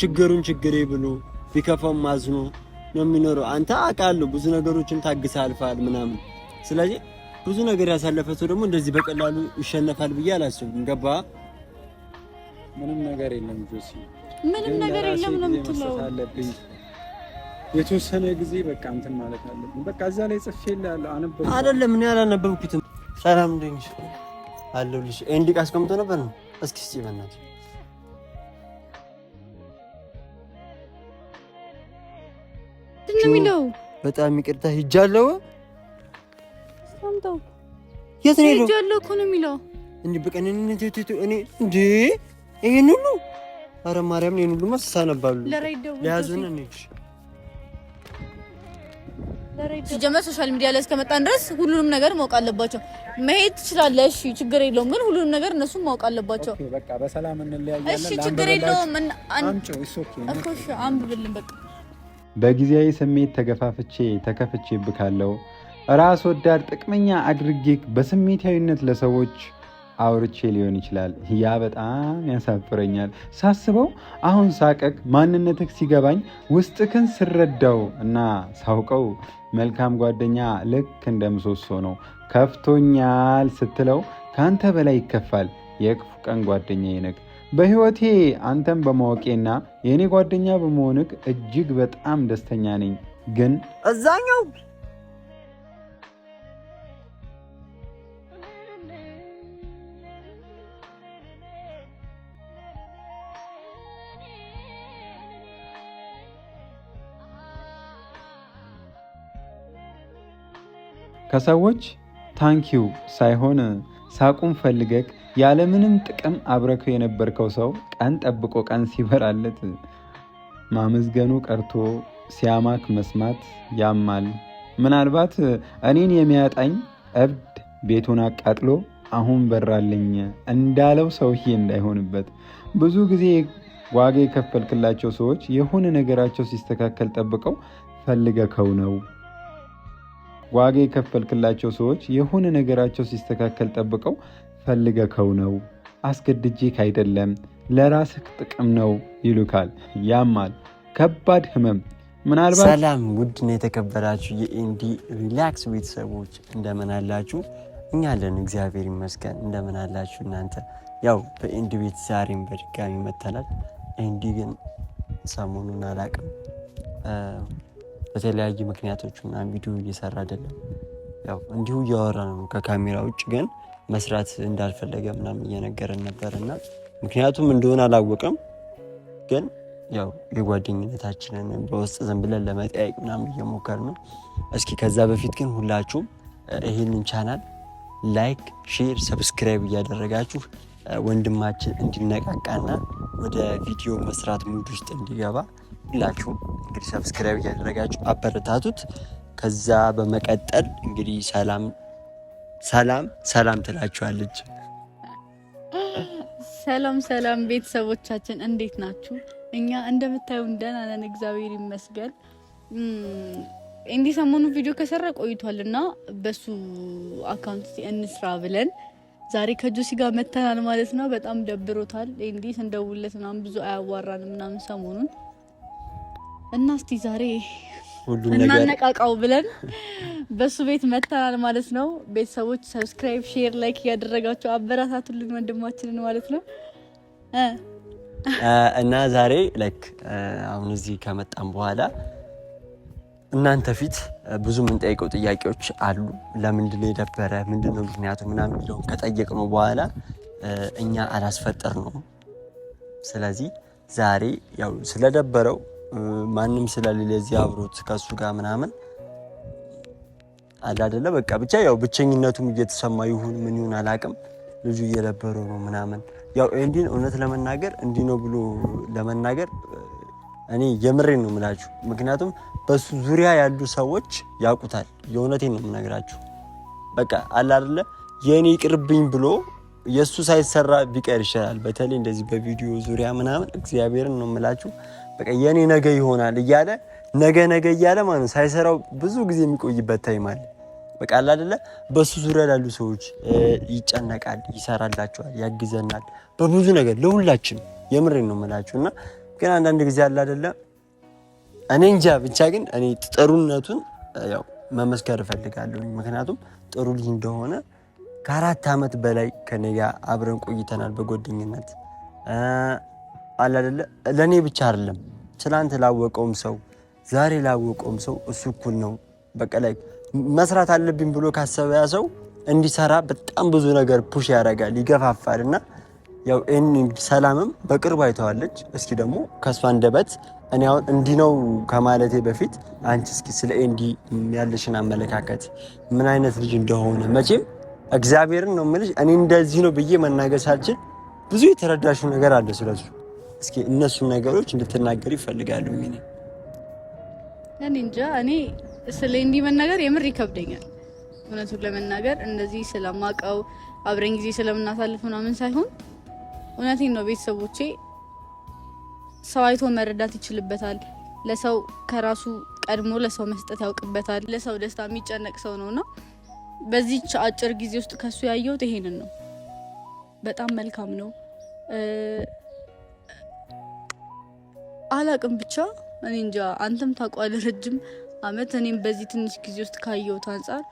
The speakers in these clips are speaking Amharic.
ችግሩን ችግሬ ብሎ ቢከፋውም አዝኖ ነው የሚኖረው። አንተ አውቃለሁ ብዙ ነገሮችን ታግሰህ አልፋል ምናምን። ስለዚህ ብዙ ነገር ያሳለፈ ሰው ደግሞ እንደዚህ በቀላሉ ይሸነፋል ብዬ አላስብም። ገባ? ምንም ነገር የለም ጆሲ፣ ምንም ነገር የለም ነው የምትለው። የተወሰነ ጊዜ በቃ እንትን ማለት አለብኝ። በቃ እዛ ላይ ጽፌልሃለሁ፣ አነበብኩት አይደለም? እኔ አላነበብኩትም። ሰላም እንደት ነሽ አለሁልሽ። ኤንዲቅ አስቀምጦ ነበር ነው። እስኪ እስኪ በእናትህ ምንድን ነው የሚለው? በጣም ይቅርታ ሂጃለሁ። የት ነው ሂጃለሁ እኮ ነው የሚለው። እኔ ሁሉ አረ ማርያም ሁሉ ማስሳ ነባሉ ለያዝን ሲጀመር ሶሻል ሚዲያ ላይ እስከመጣን ድረስ ሁሉንም ነገር ማወቅ አለባቸው። መሄድ ትችላለህ፣ እሺ፣ ችግር የለውም። ግን ሁሉንም ነገር እነሱ ማወቅ አለባቸው። በቃ በሰላም እንለያያለን። እሺ፣ ችግር የለውም። አንብብልን በቃ በጊዜያዊ ስሜት ተገፋፍቼ ተከፍቼብካለሁ። ራስ ወዳድ ጥቅመኛ አድርጌ በስሜታዊነት ለሰዎች አውርቼ ሊሆን ይችላል። ያ በጣም ያሳፍረኛል። ሳስበው አሁን ሳቀቅ ማንነትህ ሲገባኝ ውስጥክን ስረዳው እና ሳውቀው መልካም ጓደኛ ልክ እንደ ምሰሶ ነው። ከፍቶኛል ስትለው ከአንተ በላይ ይከፋል። የክፉ ቀን ጓደኛ ይነግ በሕይወቴ አንተን በማወቄና የእኔ ጓደኛ በመሆንክ እጅግ በጣም ደስተኛ ነኝ። ግን እዛኛው ከሰዎች ታንኪው ሳይሆን ሳቁን ፈልገክ ያለምንም ጥቅም አብረከው የነበርከው ሰው ቀን ጠብቆ ቀን ሲበራለት ማመስገኑ ቀርቶ ሲያማክ መስማት ያማል። ምናልባት እኔን የሚያጣኝ እብድ ቤቱን አቃጥሎ አሁን በራለኝ እንዳለው ሰውዬ እንዳይሆንበት። ብዙ ጊዜ ዋጋ የከፈልክላቸው ሰዎች የሆነ ነገራቸው ሲስተካከል ጠብቀው ፈልገከው ነው። ዋጋ የከፈልክላቸው ሰዎች የሆነ ነገራቸው ሲስተካከል ጠብቀው ፈልገከው ነው አስገድጄክ አይደለም ለራስህ ጥቅም ነው ይሉካል። ያማል። ከባድ ህመም ምናልባት። ሰላም ውድና የተከበራችሁ የኢንዲ ሪላክስ ቤተሰቦች እንደምን አላችሁ? እኛ አለን እግዚአብሔር ይመስገን። እንደምን አላችሁ እናንተ? ያው በኢንዲ ቤት ዛሬም በድጋሚ መተናል። ኢንዲ ግን ሰሞኑን አላቅም በተለያዩ ምክንያቶች ምናምን ቪዲዮ እየሰራ አይደለም። ያው እንዲሁ እያወራ ነው ከካሜራ ውጭ ግን መስራት እንዳልፈለገ ምናምን እየነገረን ነበር እና ምክንያቱም እንደሆነ አላወቅም፣ ግን ያው የጓደኝነታችንን በውስጥ ዝም ብለን ለመጠያየቅ ምናምን እየሞከር ነው። እስኪ ከዛ በፊት ግን ሁላችሁም ይህንን ቻናል ላይክ፣ ሼር፣ ሰብስክራይብ እያደረጋችሁ ወንድማችን እንዲነቃቃና ወደ ቪዲዮ መስራት ሙድ ውስጥ እንዲገባ ሁላችሁም እንግዲህ ሰብስክራይብ እያደረጋችሁ አበረታቱት። ከዛ በመቀጠል እንግዲህ ሰላም ሰላም ሰላም ትላችኋለች። ሰላም ሰላም ቤተሰቦቻችን እንዴት ናችሁ? እኛ እንደምታዩን ደህና ነን፣ እግዚአብሔር ይመስገን። እንዲህ ሰሞኑን ቪዲዮ ከሰራ ቆይቷል እና በሱ አካውንት እንስራ ብለን ዛሬ ከጆሲ ጋር መተናል ማለት ነው። በጣም ደብሮታል። እንዲ እንደውለት ምናምን ብዙ አያዋራንም ምናምን ሰሞኑን እና እስቲ ዛሬ እናነቃቃው ብለን በሱ ቤት መተናል ማለት ነው። ቤተሰቦች ሰብስክራይብ፣ ሼር፣ ላይክ እያደረጋችሁ አበረታቱልን ወንድማችንን ማለት ነው እና ዛሬ ላይክ አሁን እዚህ ከመጣም በኋላ እናንተ ፊት ብዙ የምንጠይቀው ጥያቄዎች አሉ። ለምንድን ነው የደበረ ምንድን ነው ምክንያቱ ምናምን የሚለውን ከጠየቅነው በኋላ እኛ አላስፈጠር ነው። ስለዚህ ዛሬ ያው ስለደበረው ማንም ስለሌለ እዚህ አብሮት ከሱ ጋር ምናምን አለ አይደለ በቃ ብቻ ያው ብቸኝነቱም እየተሰማ ይሁን ምን ይሁን አላቅም። ልጁ እየደበረው ነው ምናምን ያው እንዲን እውነት ለመናገር እንዲህ ነው ብሎ ለመናገር እኔ የምሬን ነው የምላችሁ። ምክንያቱም በሱ ዙሪያ ያሉ ሰዎች ያውቁታል። የእውነቴን ነው የምነግራችሁ። በቃ አለ አይደለ የእኔ ይቅርብኝ ብሎ የእሱ ሳይሰራ ቢቀር ይሻላል። በተለይ እንደዚህ በቪዲዮ ዙሪያ ምናምን እግዚአብሔርን ነው የምላችሁ። በቃ የኔ ነገ ይሆናል እያለ ነገ ነገ እያለ ማለት ሳይሰራው ብዙ ጊዜ የሚቆይበት ታይም አለ። በቃ አይደለ በሱ ዙሪያ ላሉ ሰዎች ይጨነቃል፣ ይሰራላቸዋል፣ ያግዘናል በብዙ ነገር ለሁላችን። የምሬን ነው የምላችሁ እና ግን አንዳንድ ጊዜ አለ አይደለ እኔ እንጃ ብቻ ግን እኔ ጥሩነቱን ያው መመስከር እፈልጋለሁ። ምክንያቱም ጥሩ ልጅ እንደሆነ ከአራት ዓመት በላይ ከኔ ጋር አብረን ቆይተናል በጓደኝነት አለ አይደለ? ለእኔ ብቻ አይደለም፣ ትናንት ላወቀውም ሰው ዛሬ ላወቀውም ሰው እሱ እኩል ነው። በቃ ላይ መስራት አለብኝ ብሎ ካሰበ ያ ሰው እንዲሰራ በጣም ብዙ ነገር ፑሽ ያደርጋል፣ ይገፋፋል። እና ያው ሰላምም በቅርብ አይተዋለች። እስኪ ደግሞ ከእሷ አንደበት እኔ አሁን እንዲህ ነው ከማለቴ በፊት አንቺ እስኪ ስለ ኤንዲ ያለሽን አመለካከት ምን አይነት ልጅ እንደሆነ መቼም እግዚአብሔርን ነው የምልሽ እኔ እንደዚህ ነው ብዬ መናገር ሳልችል ብዙ የተረዳሽው ነገር አለ ስለሱ እስኪ እነሱ ነገሮች እንድትናገር ይፈልጋሉ። እኔ እኔ እንጃ እኔ ስለ እንዲህ መናገር የምር ይከብደኛል። እውነቱን ለመናገር እንደዚህ ስለማቀው አብረን ጊዜ ስለምናሳልፍ ምናምን ሳይሆን እውነቴን ነው። ቤተሰቦቼ ሰው አይቶ መረዳት ይችልበታል። ለሰው ከራሱ ቀድሞ ለሰው መስጠት ያውቅበታል። ለሰው ደስታ የሚጨነቅ ሰው ነውና በዚች አጭር ጊዜ ውስጥ ከሱ ያየሁት ይሄንን ነው። በጣም መልካም ነው። አላቅም ብቻ እኔ እንጃ። አንተም ታውቀዋለህ ረጅም አመት እኔም በዚህ ትንሽ ጊዜ ውስጥ ካየሁት አንጻር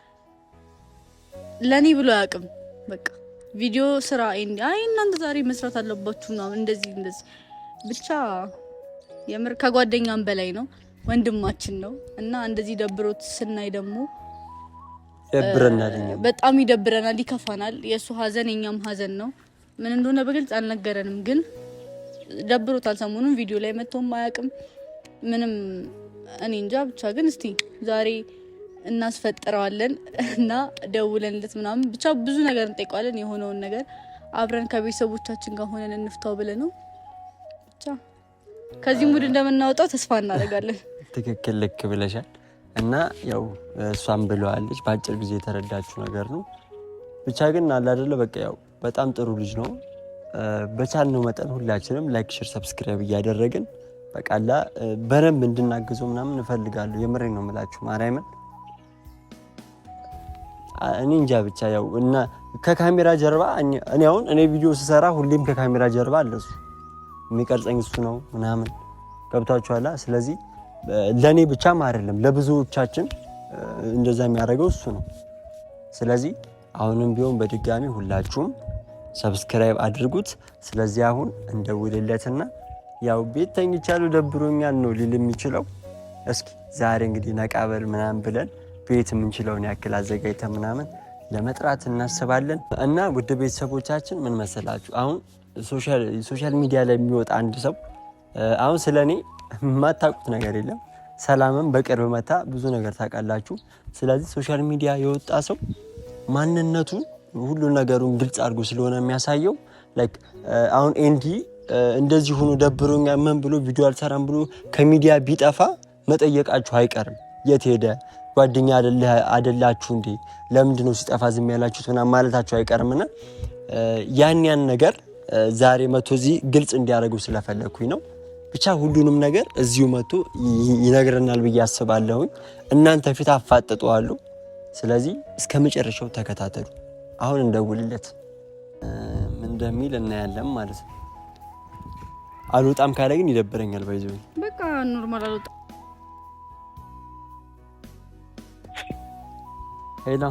ለእኔ ብሎ አያውቅም። በቃ ቪዲዮ ስራ አይ እናንተ ዛሬ መስራት አለባችሁ ምናምን እንደዚህ እንደዚህ ብቻ የምር ከጓደኛም በላይ ነው፣ ወንድማችን ነው እና እንደዚህ ደብሮት ስናይ ደግሞ በጣም ይደብረናል፣ ይከፋናል። የእሱ ሀዘን የኛም ሀዘን ነው። ምን እንደሆነ በግልጽ አልነገረንም ግን ደብሮታል። ሰሞኑን ቪዲዮ ላይ መጥቶም አያውቅም ምንም። እኔ እንጃ ብቻ ግን እስቲ ዛሬ እናስፈጥረዋለን እና ደውለንለት ምናምን ብቻ ብዙ ነገር እንጠይቀዋለን። የሆነውን ነገር አብረን ከቤተሰቦቻችን ጋር ሆነን እንፍታው ብለን ነው ብቻ ከዚህ ሙድ እንደምናወጣው ተስፋ እናደርጋለን። ትክክል፣ ልክ ብለሻል። እና ያው እሷም ብለዋለች በአጭር ጊዜ የተረዳችው ነገር ነው። ብቻ ግን አላደለ በቃ ያው በጣም ጥሩ ልጅ ነው። በቻልነው መጠን ሁላችንም ላይክ፣ ሽር፣ ሰብስክራይብ እያደረግን በቃላ በረም እንድናግዘው ምናምን እንፈልጋለሁ የምሬ ነው የምላችሁ ማርያምን እኔ እንጃ ብቻ ያው እና ከካሜራ ጀርባ እኔ አሁን እኔ ቪዲዮ ስሰራ ሁሌም ከካሜራ ጀርባ አለ እሱ የሚቀርጸኝ እሱ ነው ምናምን ገብቷችኋላ። ስለዚህ ለእኔ ብቻም አይደለም ለብዙዎቻችን እንደዛ የሚያደርገው እሱ ነው። ስለዚህ አሁንም ቢሆን በድጋሚ ሁላችሁም ሰብስክራይብ አድርጉት። ስለዚህ አሁን እንደውልለትና ያው ቤት ተኝቻለሁ ደብሮኛል ነው ሊል የሚችለው። እስኪ ዛሬ እንግዲህ ነቃበል ምናምን ብለን ቤት የምንችለውን ያክል አዘጋጅተ ምናምን ለመጥራት እናስባለን። እና ውድ ቤተሰቦቻችን ምን መሰላችሁ፣ አሁን ሶሻል ሚዲያ ላይ የሚወጣ አንድ ሰው አሁን ስለ እኔ የማታውቁት ነገር የለም። ሰላምም በቅርብ መታ ብዙ ነገር ታውቃላችሁ። ስለዚህ ሶሻል ሚዲያ የወጣ ሰው ማንነቱን ሁሉን ነገሩን ግልጽ አድርጎ ስለሆነ የሚያሳየው አሁን ኤንዲ እንደዚህ ሆኖ ደብሮኛ ምን ብሎ ቪዲዮ አልሰራም ብሎ ከሚዲያ ቢጠፋ መጠየቃችሁ አይቀርም። የት ሄደ ጓደኛ አደላችሁ እንዴ? ለምንድ ነው ሲጠፋ ዝም ያላችሁት? ምናምን ማለታችሁ አይቀርምና ያን ያን ነገር ዛሬ መቶ እዚህ ግልጽ እንዲያደርጉ ስለፈለግኩኝ ነው። ብቻ ሁሉንም ነገር እዚሁ መቶ ይነግረናል ብዬ አስባለሁኝ። እናንተ ፊት አፋጥጠዋለሁ። ስለዚህ እስከ መጨረሻው ተከታተሉ። አሁን እንደውልለት እንደሚል እናያለን ማለት ነው። አልወጣም ካለ ግን ይደብረኛል። ባይዘ በቃ ኖርማል አልወጣም። ሄላ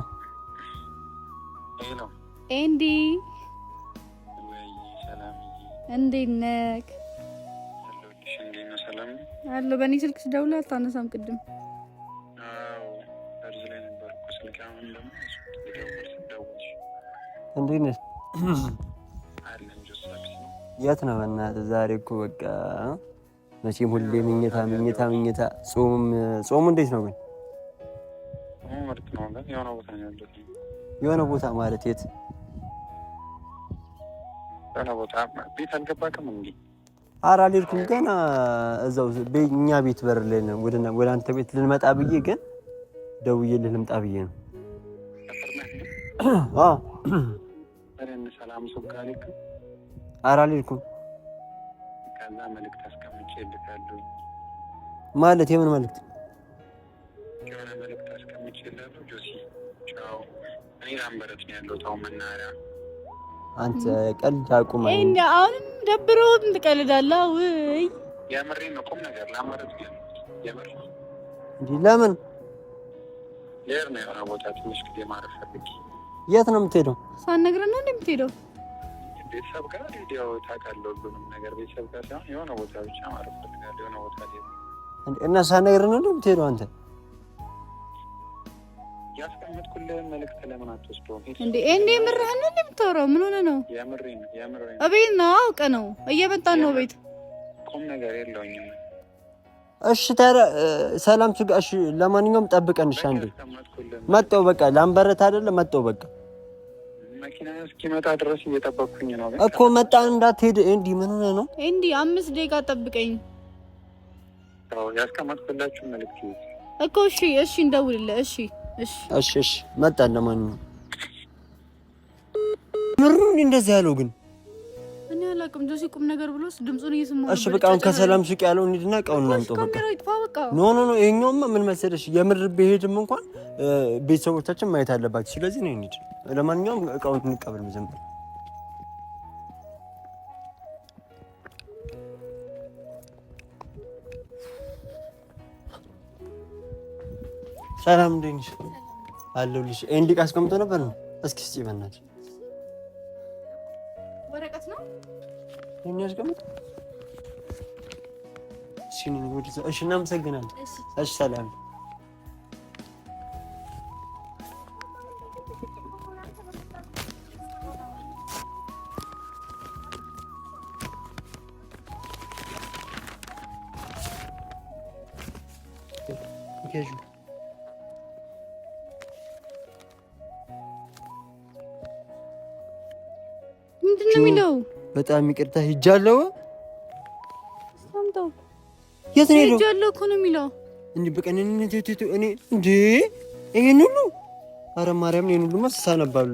ኤንዲ እንዴት ነህ? አለሁ። በእኔ ስልክ ስደውል አታነሳም ቅድም እንዴት ነሽ? የት ነው በእናትህ? ዛሬ እኮ በቃ መቼም ሁሌ ምኝታ ምኝታ ምኝታ። ጾሙም ጾሙ እንዴት ነው ግን? የሆነ ቦታ ማለት የት? ቤት አልሄድኩም ገና እዛው እኛ ቤት በር ላይ ነው። ወደ አንተ ቤት ልንመጣ ብዬ ግን ደውዬ ልምጣ ብዬ ነው። አዎ ሰላም ሱቅ ከዛ አስቀምጬ ልካለሁ። ማለት የምን መልክት ። የሆነ መልዕክት አስቀምጬ ጆሲ ቻው። እኔ ላምበረት ነው አሁን መናኸሪያ። አንተ ቀልድ አቁም። አሁንም ትቀልዳለህ? ውይ ነው፣ ቁም ነገር። ላምበረት የምር። እንዲህ ለምን ነው የሆነ ቦታ ትንሽ ጊዜ ማረፍ ፈልጌ የት ነው የምትሄደው? ሳትነግረን ነው እንደምትሄደው? ቤተሰብ ጋር እንዲያው ታውቃለህ፣ ሁሉንም ነገር ቤተሰብ ጋር ሳይሆን የሆነ ቦታ ብቻ ማረፍ እፈልጋለሁ። የሆነ ቦታ እና ሳትነግረን ነው እንደምትሄደው? አንተ ያስቀመጥኩልህን መልዕክት ለምን አትወስደውም? እንዴ እንዴ፣ ምርህን ነው እንደምታወራው? ምን ሆነህ ነው? የምሬን ነው፣ የምሬን ነው። እቤት ነው አውቀ ነው እየመጣን ነው። ቤት ቁም ነገር የለውኝም። እሺ ታዲያ ሰላም፣ እሺ ለማንኛውም ጠብቀን። እሺ አንዴ መጣሁ። በቃ ላምበረት አይደለ? መጣሁ በቃ መኪና እስኪመጣ ድረስ እየጠበቅኩኝ ነው እኮ። መጣ እንዳትሄድ። እንዲ ምን ሆነ ነው? እንዲ አምስት ደቂቃ ጠብቀኝ። ያስቀመጥኩላችሁ መልዕክት እኮ። እሺ፣ እሺ፣ እንደውልልህ። እሺ፣ እሺ፣ እሺ፣ እሺ። መጣ። ለማንኛውም ምሩን እንደዚህ ያለው ግን አላውቅም። ጆሲ ቁም ነገር ብሎ ድምፁን እየሰማሁ እሺ፣ በቃ አሁን ከሰላም ሱቅ ያለው እንሂድና እቃውን እናምጣው። በቃ ኖ ኖ ኖ፣ ይኸኛውማ ምን መሰለሽ፣ የምር ብሄድም እንኳን ቤተሰቦቻችን ማየት አለባቸው። ስለዚህ ነው እንሂድ። ለማንኛውም እቃውን እንቀበል መጀመሪያ ሰላም እንደት ነሽ? አለሁልሽ። እንዲህ ቃ አስቀምጦ ነበር ነው። እስኪ ስጪ በእናትሽ ወረቀት ነው የሚያስቀምጥ እሺ፣ እናመሰግናለን። እሺ፣ ሰላም በጣም ይቅርታ ሂጃለሁ። የት ነው እኮ ነው የሚለው። ይሄን ሁሉ አረ ማርያም፣ ይሄን ሁሉ መስሳ ነባሉ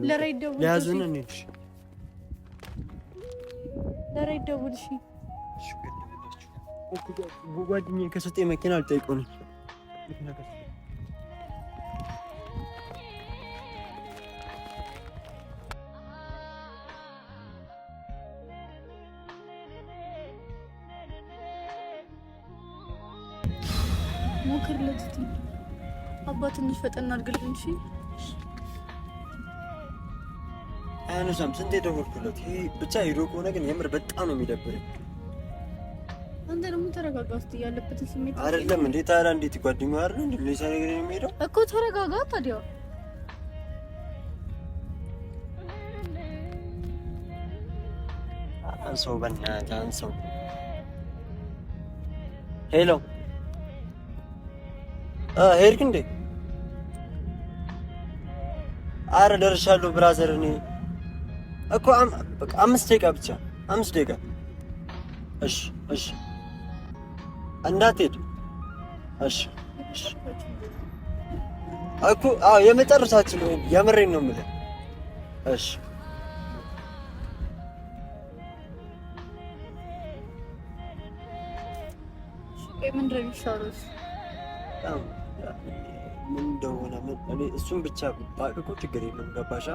ጓደኛዬ ከሰጠኝ መኪና አልጠይቀውም ሞክር ለጅት አባ ትንሽ ፈጠን አድርግልኝ እሺ። አያነሳም። ስንቴ ደወልኩለት። ይሄ ብቻ ሄዶ ከሆነ ግን የምር በጣም ነው የሚደብረኝ። አንተ ደግሞ ተረጋጋ። እስኪ ያለበትን ስሜት አይደለም እንዴ ታዲያ? እንዴት ጓደኛው አይደል እንዴ ሌላ ነገር ነው የሚሄደው እኮ ተረጋጋ። ታዲያ አንሰው፣ በእናትህ አንሰው። ሄሎ ሄድክ እንዴ? አረ ደርሻለሁ ብራዘር። እኔ እኮ አምስት ደቂቃ ብቻ አምስት ደቂቃ። እሺ እሺ፣ እንዳትሄድ። እሺ እሺ። እኮ አዎ፣ የመጨረሻችን ነው። የምሬን ነው የምልህ። እሺ ምንድን ነው የሚሻለው? ምን እንደሆነ እኔ እሱም ብቻ በአቅ ችግር የለም። ገባሻ?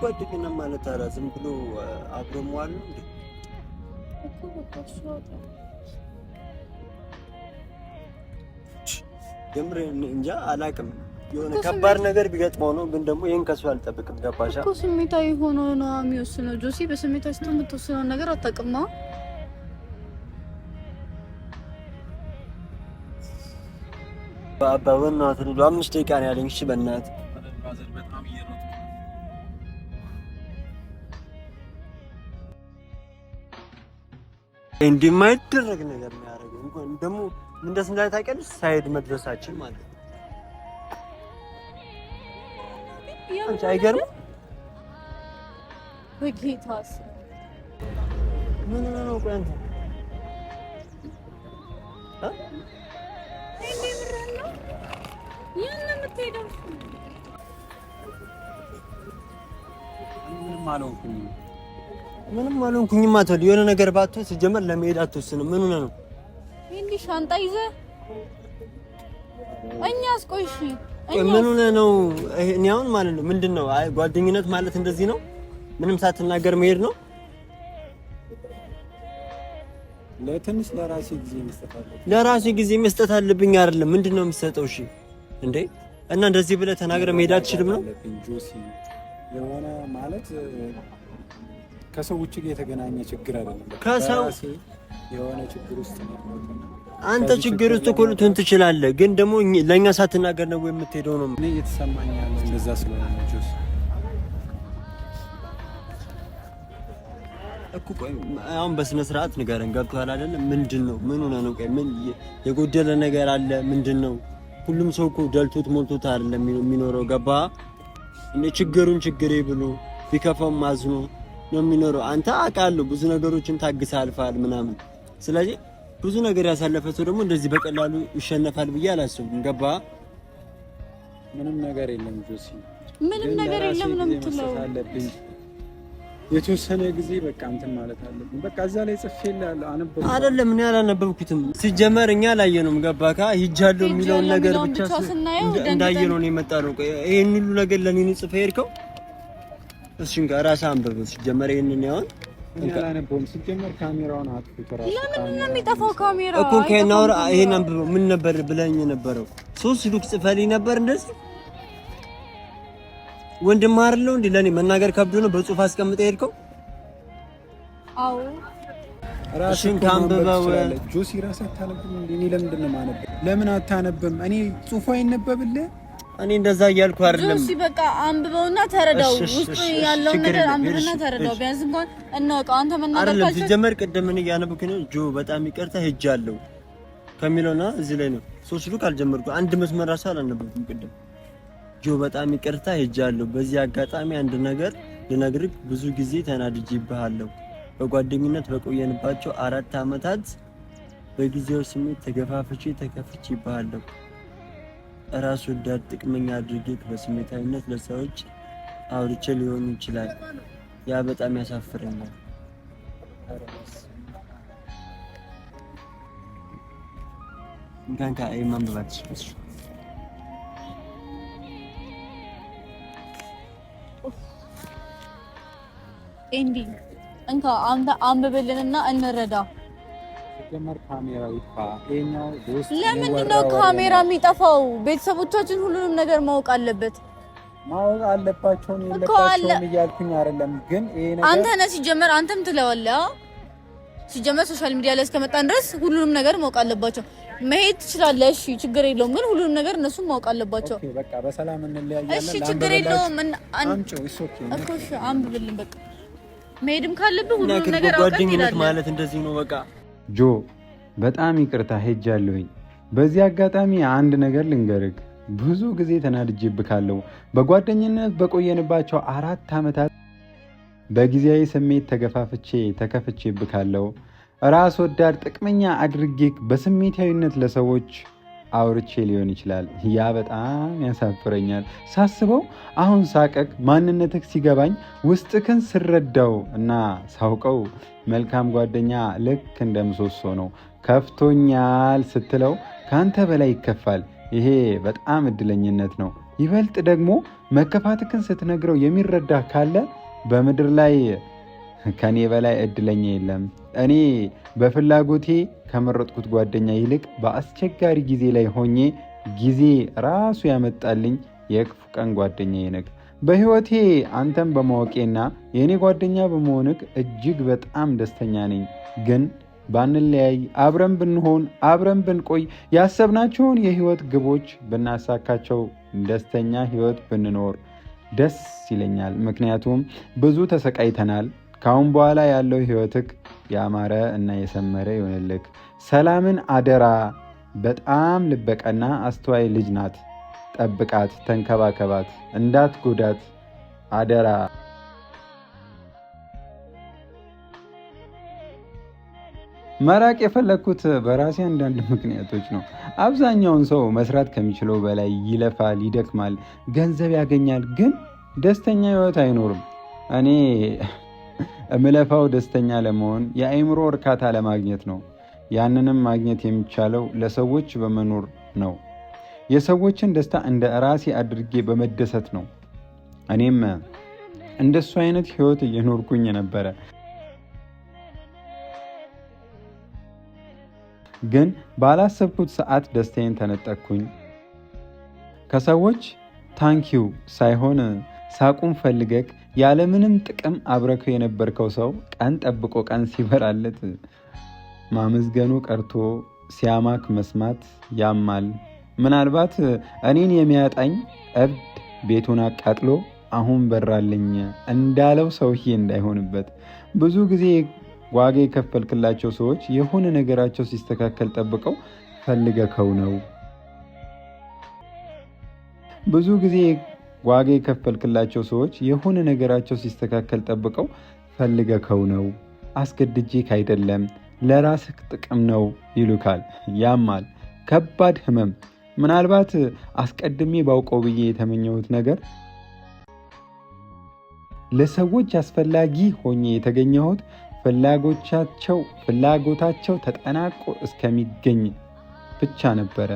ጓደኝና ማለት አላ ዝም ብሎ አብሮ መዋል ነው እንዴ? ጀምር እንጃ አላቅም። የሆነ ከባድ ነገር ቢገጥመው ነው፣ ግን ደግሞ ይህን ከሱ አልጠብቅም። ገባሻ? እኮ ስሜታዊ ሆኖ ነው የሚወስነው። ጆሲ በስሜታዊ ስትሆን የምትወስነውን ነገር አታውቅም። አባ በእናትህ ነው አምስት ደቂቃ ነው ያለኝ። እሺ በእናትህ እንደማይደረግ ነገር ነው ያደረገው። እንኳን ደግሞ ምን ደስ እንዳለ ታውቂያለሽ? ሳይድ መድረሳችን ማለት ነው። አንቺ አይገርም ወይ ጌታስ? ምን ነው ቆንጆ ምንም አልሆንኩኝም። ምንም የሆነ ነገር ባትሆን ሲጀመር ለመሄድ አትወስንም። ምን ሆነህ ነው? እንዲህ ሻንጣ ይዘህ እኛስ? ቆይ እሺ፣ ምን ሆነህ ነው? እኔ አሁን ማለት ነው ምንድን ነው? አይ ጓደኝነት ማለት እንደዚህ ነው? ምንም ሳትናገር መሄድ ነው? ለትንሽ ለራሴ ጊዜ መስጠት አለብኝ። ለራሴ ጊዜ መስጠት አለብኝ አይደለም? ምንድን ነው የምትሰጠው? እሺ እንዴ እና እንደዚህ ብለህ ተናግረህ መሄድ አትችልም ነው የሆነ ማለት ከሰው ጋር የተገናኘ ችግር አይደለም። ከሰው የሆነ ችግር ውስጥ አንተ ችግር ውስጥ እኮ ልትሆን ትችላለህ፣ ግን ደግሞ ለእኛ ሳትናገር ነው የምትሄደው ነው እኔ እየተሰማኝ ያለ እንደዛ ስለሆነ ጆስ እኮ ቆይ አሁን በስነ ስርዓት ንገረን። ገብቶሃል አይደለም? ምንድን ነው ምን ሆነ ነው? ቆይ ምን የጎደለ ነገር አለ? ምንድን ነው ሁሉም ሰው እኮ ደልቶት ሞልቶት አይደለም የሚኖረው። ገባ ችግሩን ችግሬ ብሎ ቢከፋው ማዝኖ ነው የሚኖረው። አንተ አውቃለሁ ብዙ ነገሮችን ታግሳልፋል ምናምን። ስለዚህ ብዙ ነገር ያሳለፈ ሰው ደግሞ እንደዚህ በቀላሉ ይሸነፋል ብዬ አላስብም። ገባ ምንም ነገር የለም ጆሲ፣ ምንም ነገር የለም ነው የምትለው የተወሰነ ጊዜ በቃ እንትን ማለት አለብን። በቃ እዛ ላይ ጽፌ ላለ አነበብ አይደለም እኔ አላነበብኩትም። ሲጀመር እኛ ላየነውም ገባ ካ ሂጃለሁ የሚለውን ነገር ብቻ እንዳየነው ነው የመጣ ነው። ይህን ሁሉ ነገር ለእኔ ነው ጽፈህ ሄድከው? እሱ እንጋ ራስህ አንብበው። ሲጀመር ይህንን ያሆን ሲጀመር ካሜራውን አጥፉት። ይሄን ምን ነበር ብለኝ የነበረው? ሶስት ሉክ ጽፈልኝ ነበር እንደዚህ ወንድም አይደለው እንዴ? ለኔ መናገር ከብዶ ነው በጽሁፍ አስቀምጠ ሄድከው? አዎ ራሽን ታንብበው ጆሲ ራስ አታነብም እንዴ? እኔ ለምንድን ነው የማነበው? ለምን አታነብም? እኔ ጽሁፍ አይነበብልህ? እኔ እንደዛ እያልኩ አይደለም። ጆሲ በቃ አንብበውና ተረዳው። ውስጥ ያለው ነገር አንብበውና ተረዳው። ቢያንስ እንኳን እናውቀው። አንተ መናገር ካልቻልክ አይደለም ሲጀመር ቅድም እኔ እያነበብክ ነው ጆ በጣም ይቅርታ ሄጃለሁ ከሚለውና እዚህ ላይ ነው ሶስት ሉክ አልጀመርኩም። አንድ መስመር ራሱ አላነበብኩም ቅድም ጆ በጣም ይቅርታ ሄጃለሁ። በዚህ አጋጣሚ አንድ ነገር ልነግርህ ብዙ ጊዜ ተናድጄብሃለሁ። በጓደኝነት በቆየንባቸው አራት ዓመታት በጊዜው ስሜት ተገፋፍቼ ተከፍቼብሃለሁ። ራስ ወዳድ ጥቅመኛ አድርጌ በስሜታዊነት ለሰዎች አውርቼ ሊሆን ይችላል። ያ በጣም ያሳፍረኛል። እንካንካ ይህ ማንበባት ኤንዲ እንካ አንተ አንብብልንና እንረዳ። ጀመር ካሜራ ይጥፋ። ለምንድን ነው ካሜራ የሚጠፋው? ቤተሰቦቻችን ሁሉንም ነገር ማወቅ አለበት። ማወቅ አለባቸው የለባቸውም እያልኩኝ አይደለም፣ ግን ይሄ ነገር አንተ ነህ ሲጀመር፣ አንተም ትለዋለህ ሲጀመር። ሶሻል ሚዲያ ላይ እስከመጣን ድረስ ሁሉንም ነገር ማወቅ አለባቸው። መሄድ ትችላለህ፣ እሺ፣ ችግር የለውም። ግን ሁሉንም ነገር እነሱም ማወቅ አለባቸው። በቃ በሰላም እንለያያለን። እሺ፣ ችግር የለውም። አንቺ አንብብልን በቃ መሄድም ካለብህ ሁሉንም ነገር ጓደኝነት ማለት እንደዚህ ነው። በቃ ጆ በጣም ይቅርታ ሄጃለሁኝ። በዚህ አጋጣሚ አንድ ነገር ልንገርህ፣ ብዙ ጊዜ ተናድጄብካለሁ። በጓደኝነት በቆየንባቸው አራት ዓመታት በጊዜያዊ ስሜት ተገፋፍቼ ተከፍቼብካለሁ። ራስ ወዳድ ጥቅመኛ አድርጌክ በስሜታዊነት ለሰዎች አውርቼ ሊሆን ይችላል። ያ በጣም ያሳፍረኛል። ሳስበው አሁን ሳቀቅ ማንነትህ ሲገባኝ ውስጥክን ስረዳው እና ሳውቀው መልካም ጓደኛ ልክ እንደ ምሰሶ ነው። ከፍቶኛል ስትለው ከአንተ በላይ ይከፋል። ይሄ በጣም እድለኝነት ነው። ይበልጥ ደግሞ መከፋትክን ስትነግረው የሚረዳህ ካለ በምድር ላይ ከኔ በላይ እድለኛ የለም። እኔ በፍላጎቴ ከመረጥኩት ጓደኛ ይልቅ በአስቸጋሪ ጊዜ ላይ ሆኜ ጊዜ ራሱ ያመጣልኝ የክፉ ቀን ጓደኛ ይነግ በህይወቴ አንተን በማወቄና የእኔ ጓደኛ በመሆንክ እጅግ በጣም ደስተኛ ነኝ። ግን ባንለያይ፣ አብረን ብንሆን፣ አብረን ብንቆይ፣ ያሰብናቸውን የህይወት ግቦች ብናሳካቸው፣ ደስተኛ ህይወት ብንኖር ደስ ይለኛል። ምክንያቱም ብዙ ተሰቃይተናል፣ ከአሁን በኋላ ያለው ህይወትክ ያማረ እና የሰመረ ይሆንልክ። ሰላምን አደራ። በጣም ልበቀና አስተዋይ ልጅ ናት። ጠብቃት፣ ተንከባከባት፣ እንዳት ጎዳት አደራ። መራቅ የፈለግኩት በራሴ አንዳንድ ምክንያቶች ነው። አብዛኛውን ሰው መስራት ከሚችለው በላይ ይለፋል፣ ይደክማል፣ ገንዘብ ያገኛል፣ ግን ደስተኛ ህይወት አይኖርም። እኔ እምለፋው ደስተኛ ለመሆን የአእምሮ እርካታ ለማግኘት ነው። ያንንም ማግኘት የሚቻለው ለሰዎች በመኖር ነው። የሰዎችን ደስታ እንደ ራሴ አድርጌ በመደሰት ነው። እኔም እንደሱ አይነት ህይወት እየኖርኩኝ ነበረ። ግን ባላሰብኩት ሰዓት ደስታዬን ተነጠቅኩኝ። ከሰዎች ታንኪው ሳይሆን ሳቁን ፈልገክ ያለምንም ጥቅም አብረከው የነበርከው ሰው ቀን ጠብቆ ቀን ሲበራለት ማመስገኑ ቀርቶ ሲያማክ መስማት ያማል። ምናልባት እኔን የሚያጣኝ እብድ ቤቱን አቃጥሎ አሁን በራልኝ እንዳለው ሰውዬ እንዳይሆንበት። ብዙ ጊዜ ዋጋ የከፈልክላቸው ሰዎች የሆነ ነገራቸው ሲስተካከል ጠብቀው ፈልገከው ነው። ብዙ ጊዜ ዋጋ የከፈልክላቸው ሰዎች የሆነ ነገራቸው ሲስተካከል ጠብቀው ፈልገከው ነው አስገድጄክ አይደለም ለራስህ ጥቅም ነው ይሉካል። ያማል፣ ከባድ ህመም። ምናልባት አስቀድሜ ባውቀው ብዬ የተመኘሁት ነገር ለሰዎች አስፈላጊ ሆኜ የተገኘሁት ፍላጎቻቸው ፍላጎታቸው ተጠናቆ እስከሚገኝ ብቻ ነበረ።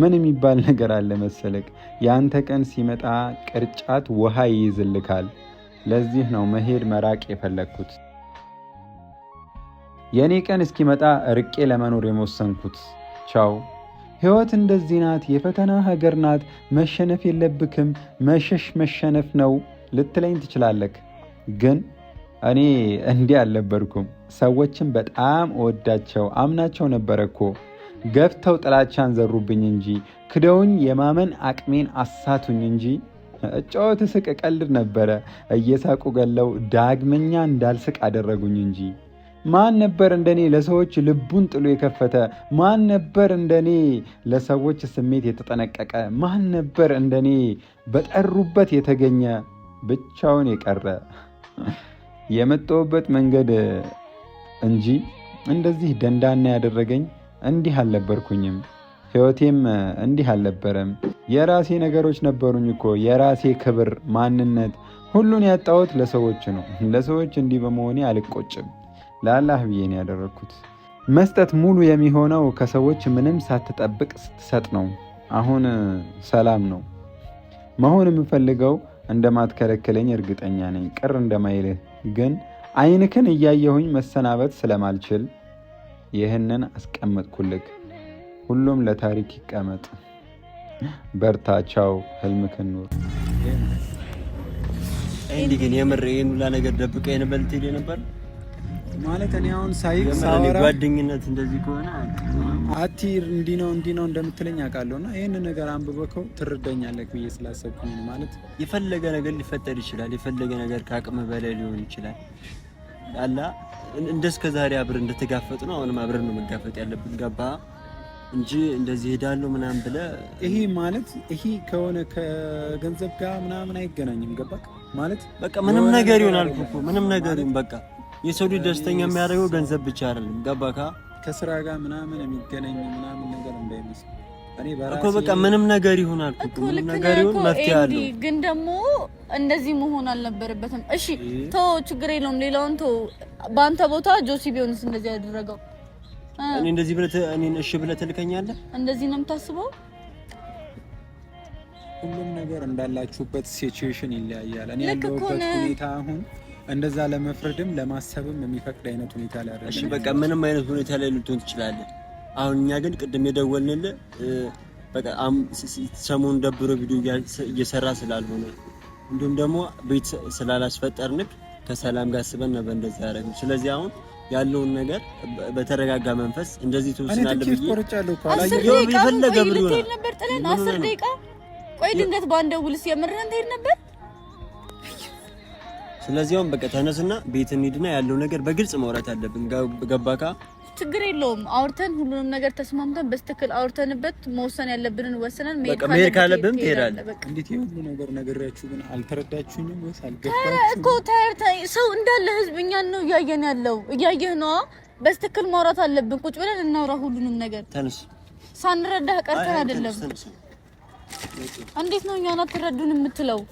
ምን የሚባል ነገር አለ መሰለቅ፣ የአንተ ቀን ሲመጣ ቅርጫት ውሃ ይይዝልካል። ለዚህ ነው መሄድ መራቅ የፈለግኩት። የእኔ ቀን እስኪመጣ ርቄ ለመኖር የመወሰንኩት። ቻው። ሕይወት እንደዚህ ናት፣ የፈተና ሀገር ናት። መሸነፍ የለብክም፣ መሸሽ መሸነፍ ነው ልትለኝ ትችላለክ። ግን እኔ እንዲህ አልነበርኩም። ሰዎችን በጣም እወዳቸው አምናቸው ነበረ እኮ ገፍተው ጥላቻን ዘሩብኝ እንጂ ክደውኝ የማመን አቅሜን አሳቱኝ እንጂ እጫወት ስቅ እቀልድ ነበረ እየሳቁ ገለው ዳግመኛ እንዳልስቅ አደረጉኝ እንጂ ማን ነበር እንደኔ ለሰዎች ልቡን ጥሎ የከፈተ? ማን ነበር እንደኔ ለሰዎች ስሜት የተጠነቀቀ? ማን ነበር እንደኔ በጠሩበት የተገኘ ብቻውን የቀረ? የመጣሁበት መንገድ እንጂ እንደዚህ ደንዳና ያደረገኝ እንዲህ አልነበርኩኝም። ህይወቴም እንዲህ አልነበረም። የራሴ ነገሮች ነበሩኝ እኮ የራሴ ክብር፣ ማንነት። ሁሉን ያጣሁት ለሰዎች ነው። ለሰዎች እንዲህ በመሆኔ አልቆጭም። ለአላህ ብዬ ነው ያደረግኩት። መስጠት ሙሉ የሚሆነው ከሰዎች ምንም ሳትጠብቅ ስትሰጥ ነው። አሁን ሰላም ነው መሆን የምፈልገው። እንደማትከለክለኝ እርግጠኛ ነኝ። ቅር እንደማይልህ ግን አይንክን እያየሁኝ መሰናበት ስለማልችል ይህንን አስቀመጥኩልክ። ሁሉም ለታሪክ ይቀመጥ። በርታ፣ ቻው። ህልምክን ኑር። እንዲህ ግን የምር ይህን ሁላ ነገር ደብቀ የነበል ትሄድ ነበር ማለት እኔ አሁን ሳይክ ሳወራ ጓደኝነት እንደዚህ ከሆነ አቲር እንዲህ ነው እንዲህ ነው እንደምትለኝ አውቃለሁ። እና ይህን ነገር አንብበከው ትርዳኛለህ ብዬ ስላሰብኩኝ ማለት የፈለገ ነገር ሊፈጠር ይችላል። የፈለገ ነገር ከአቅም በላይ ሊሆን ይችላል አላ እንደ እስከ ዛሬ አብረን እንደተጋፈጥ ነው፣ አሁንም አብረን ነው መጋፈጥ ያለብን። ገባ እንጂ እንደዚህ ሄዳለሁ ምናምን ብለህ ይሄ ማለት ይሄ ከሆነ ከገንዘብ ጋር ምናምን አይገናኝም። ገባ ማለት በቃ ምንም ነገር ይሆናል እኮ ምንም ነገር ይሁን፣ በቃ የሰው ልጅ ደስተኛ የሚያደርገው ገንዘብ ብቻ አይደለም። ገባ ከስራ ጋር ምናምን የሚገናኝ ምናምን ነገር እንዳይመስል እኮ በቃ ምንም ነገር ይሁን አልኩት። ምንም ነገር ይሁን መፍትሄ አለው። ግን ደግሞ እንደዚህ መሆን አልነበረበትም። እሺ ቶ ችግር የለውም ሌላውን ቶ በአንተ ቦታ ጆሲ ቢሆንስ እንደዚህ ያደረገው እኔ እንደዚህ ብለህ እኔን እሺ ብለህ ትልከኛለህ? እንደዚህ ነው የምታስበው? ሁሉም ነገር እንዳላችሁበት ሲቹዌሽን ይለያያል። እኔ ያለሁበት ሁኔታ አሁን እንደዛ ለመፍረድም ለማሰብም የሚፈቅድ አይነት ሁኔታ ላይ አይደለም። እሺ በቃ ምንም አይነት ሁኔታ ላይ ልትሆን ትችላለህ። አሁን እኛ ግን ቅድም የደወልንልህ በቃ ሰሞኑን ደብሮ ቪዲዮ እየሰራ ስላልሆነ እንዲሁም ደግሞ ቤት ስላላስፈጠርንክ ከሰላም ጋር ስበን ነበር እንደዛ ያደረግነው። ስለዚህ አሁን ያለውን ነገር በተረጋጋ መንፈስ እንደዚህ ትወስናለህ ብዬ የፈለገ ብሎ ነበር ጥለን አስር ደቂቃ ቆይ ድንገት ባንደውልስ የምርህን ትሄድ ነበር። ስለዚህ አሁን በቃ ተነስና ቤት እንሂድና ያለው ነገር በግልጽ መውራት አለብን። ገባካ? ችግር የለውም። አውርተን ሁሉንም ነገር ተስማምተን በስትክክል አውርተንበት መወሰን ያለብንን ወስነን መሄድ ካለብን ትሄዳለህ። እንዴት የሁሉ ነገር ነገራችሁ ግን አልተረዳችሁኝም ወይስ አልገባችሁም ሰው እንዳለ ህዝብ እኛን ነው እያየን ያለው። እያየህ ነዋ። በስትክል ማውራት አለብን። ቁጭ ብለን እናውራ ሁሉንም ነገር ሳንረዳህ ቀርተን አይደለም። እንዴት ነው እኛን አትረዱን የምትለው?